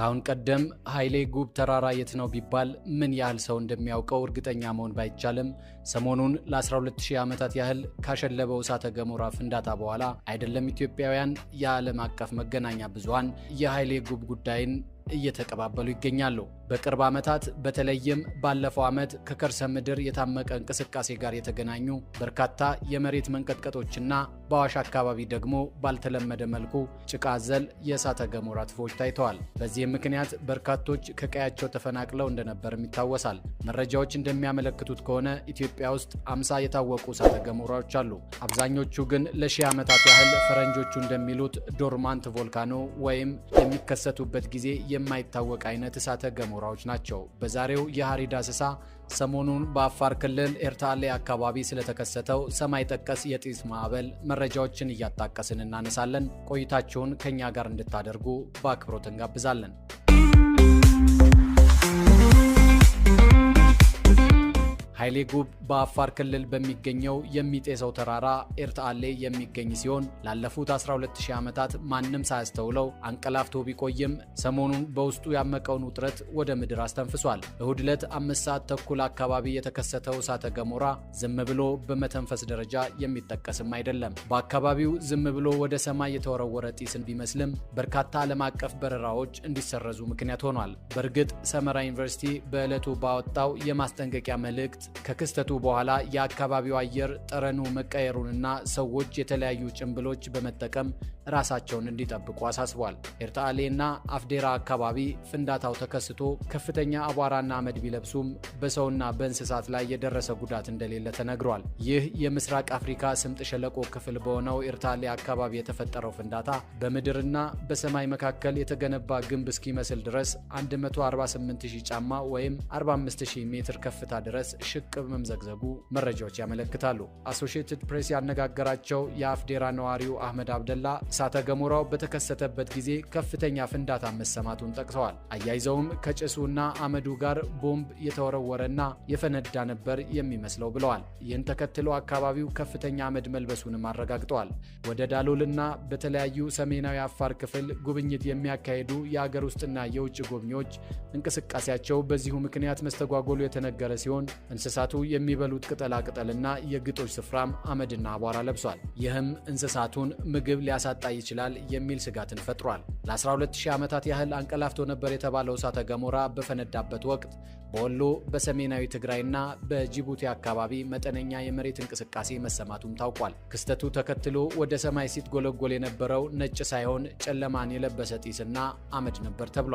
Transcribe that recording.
ከአሁን ቀደም ኃይሌ ጉብ ተራራ የት ነው ቢባል ምን ያህል ሰው እንደሚያውቀው እርግጠኛ መሆን ባይቻልም ሰሞኑን ለ12000 ዓመታት ያህል ካሸለበው እሳተ ገሞራ ፍንዳታ በኋላ አይደለም ኢትዮጵያውያን፣ የዓለም አቀፍ መገናኛ ብዙሃን የኃይሌ ጉብ ጉዳይን እየተቀባበሉ ይገኛሉ። በቅርብ ዓመታት በተለይም ባለፈው ዓመት ከከርሰ ምድር የታመቀ እንቅስቃሴ ጋር የተገናኙ በርካታ የመሬት መንቀጥቀጦችና በአዋሽ አካባቢ ደግሞ ባልተለመደ መልኩ ጭቃ ዘል የእሳተ ገሞራ ትፎች ታይተዋል። በዚህም ምክንያት በርካቶች ከቀያቸው ተፈናቅለው እንደነበርም ይታወሳል። መረጃዎች እንደሚያመለክቱት ከሆነ ኢትዮጵያ ውስጥ አምሳ የታወቁ እሳተ ገሞራዎች አሉ። አብዛኞቹ ግን ለሺህ ዓመታት ያህል ፈረንጆቹ እንደሚሉት ዶርማንት ቮልካኖ ወይም የሚከሰቱበት ጊዜ የማይታወቅ አይነት እሳተ ገሞራዎች ናቸው። በዛሬው የሐሪ ዳሰሳ ሰሞኑን በአፋር ክልል ኤርታሌ አካባቢ ስለተከሰተው ሰማይ ጠቀስ የጢስ ማዕበል መረጃዎችን እያጣቀስን እናነሳለን። ቆይታችሁን ከእኛ ጋር እንድታደርጉ በአክብሮት እንጋብዛለን። ቀበሌ ጉብ በአፋር ክልል በሚገኘው የሚጤሰው ተራራ ኤርትአሌ የሚገኝ ሲሆን ላለፉት 120 ዓመታት ማንም ሳያስተውለው አንቀላፍቶ ቢቆይም ሰሞኑን በውስጡ ያመቀውን ውጥረት ወደ ምድር አስተንፍሷል። እሁድ ዕለት አምስት ሰዓት ተኩል አካባቢ የተከሰተው እሳተ ገሞራ ዝም ብሎ በመተንፈስ ደረጃ የሚጠቀስም አይደለም። በአካባቢው ዝም ብሎ ወደ ሰማይ የተወረወረ ጢስን ቢመስልም በርካታ ዓለም አቀፍ በረራዎች እንዲሰረዙ ምክንያት ሆኗል። በእርግጥ ሰመራ ዩኒቨርሲቲ በዕለቱ ባወጣው የማስጠንቀቂያ መልእክት ከክስተቱ በኋላ የአካባቢው አየር ጠረኑ መቀየሩንና ሰዎች የተለያዩ ጭንብሎች በመጠቀም ራሳቸውን እንዲጠብቁ አሳስቧል። ኤርታሌና አፍዴራ አካባቢ ፍንዳታው ተከስቶ ከፍተኛ አቧራና አመድ ቢለብሱም በሰውና በእንስሳት ላይ የደረሰ ጉዳት እንደሌለ ተነግሯል። ይህ የምስራቅ አፍሪካ ስምጥ ሸለቆ ክፍል በሆነው ኤርታሌ አካባቢ የተፈጠረው ፍንዳታ በምድርና በሰማይ መካከል የተገነባ ግንብ እስኪመስል ድረስ 148000 ጫማ ወይም 45000 ሜትር ከፍታ ድረስ ሽቅ በእርጥብ መምዘግዘጉ መረጃዎች ያመለክታሉ። አሶሺየትድ ፕሬስ ያነጋገራቸው የአፍዴራ ነዋሪው አህመድ አብደላ እሳተ ገሞራው በተከሰተበት ጊዜ ከፍተኛ ፍንዳታ መሰማቱን ጠቅሰዋል። አያይዘውም ከጭሱና አመዱ ጋር ቦምብ የተወረወረና የፈነዳ ነበር የሚመስለው ብለዋል። ይህን ተከትሎ አካባቢው ከፍተኛ አመድ መልበሱንም አረጋግጠዋል። ወደ ዳሎልና በተለያዩ ሰሜናዊ አፋር ክፍል ጉብኝት የሚያካሄዱ የአገር ውስጥና የውጭ ጎብኚዎች እንቅስቃሴያቸው በዚሁ ምክንያት መስተጓጎሉ የተነገረ ሲሆን እንስሳት እንስሳቱ የሚበሉት ቅጠላቅጠልና የግጦሽ ስፍራም አመድና አቧራ ለብሷል። ይህም እንስሳቱን ምግብ ሊያሳጣ ይችላል የሚል ስጋትን ፈጥሯል። ለ12000 ዓመታት ያህል አንቀላፍቶ ነበር የተባለው እሳተ ገሞራ በፈነዳበት ወቅት በወሎ በሰሜናዊ ትግራይና በጅቡቲ አካባቢ መጠነኛ የመሬት እንቅስቃሴ መሰማቱም ታውቋል። ክስተቱ ተከትሎ ወደ ሰማይ ሲትጎለጎል የነበረው ነጭ ሳይሆን ጨለማን የለበሰ ጢስና አመድ ነበር ተብሏል።